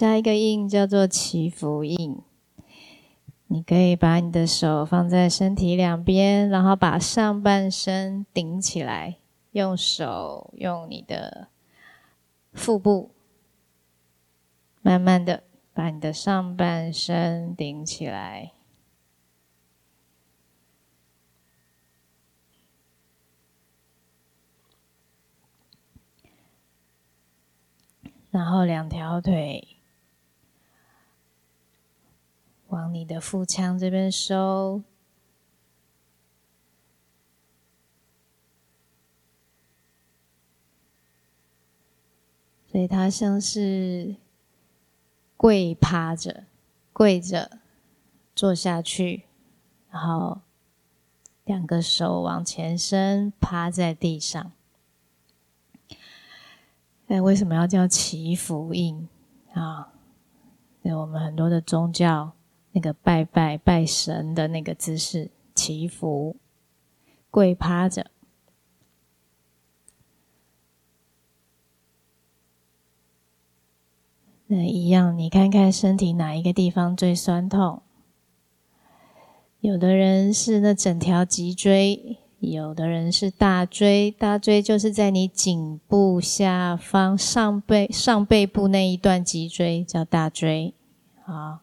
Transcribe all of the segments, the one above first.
下一個印叫做祈福印。你可以把你的手放在身體兩邊，然後把上半身頂起來，用手用你的腹部，慢慢的把你的上半身頂起來，然後兩條腿。往你的腹腔這邊收，所以它像是跪趴着、跪着坐下去，然後兩個手往前伸，趴在地上。那為什麼要叫祈福印啊？因、哦、為我們很多的宗教。那個拜拜拜神的那個姿勢，祈福，跪趴着，那一樣。你看看身體哪一個地方最痠痛？有的人是那整條脊椎，有的人是大椎。大椎就是在你頸部下方、上背、上背部那一段脊椎叫大椎，啊。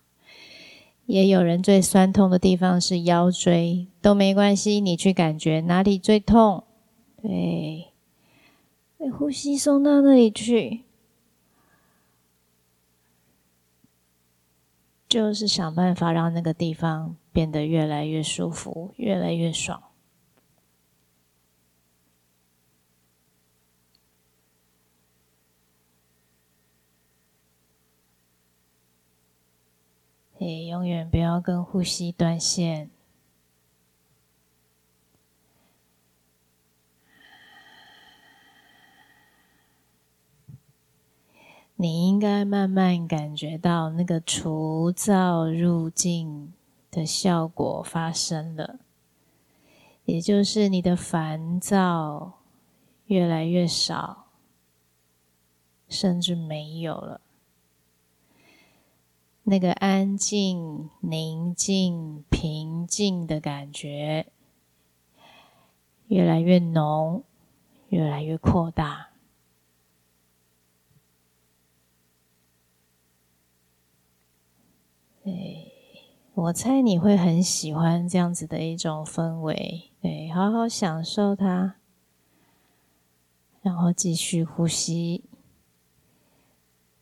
也有人最痠痛的地方是腰椎，都沒關係。你去感覺哪裡最痛，對，呼吸送到那裡去，就是想辦法讓那個地方變得越來越舒服，越來越爽。你永遠不要跟呼吸斷線。你應該慢慢感覺到那個除躁入靜的效果發生了，也就是你的煩躁越來越少，甚至沒有了。那個安靜、寧靜、平靜的感覺，越來越濃，越來越擴大。哎，我猜你會很喜歡這樣子的一種氛圍。對，好好享受它，然後繼續呼吸。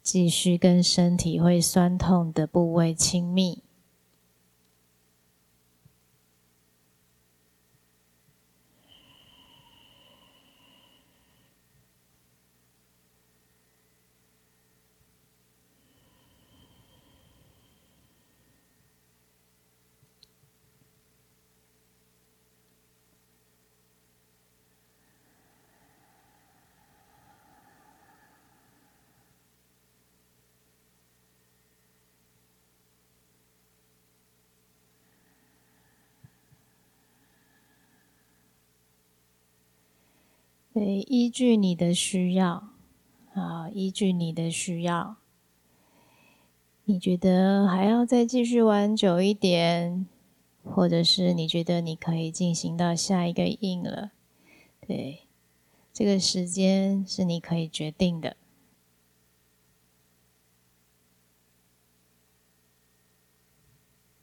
繼續跟身體會酸痛的部位親密。對，依據你的需要，啊，依據你的需要，你覺得還要再繼續玩久一點，或者是你覺得你可以進行到下一個印了，對，這個時間是你可以決定的。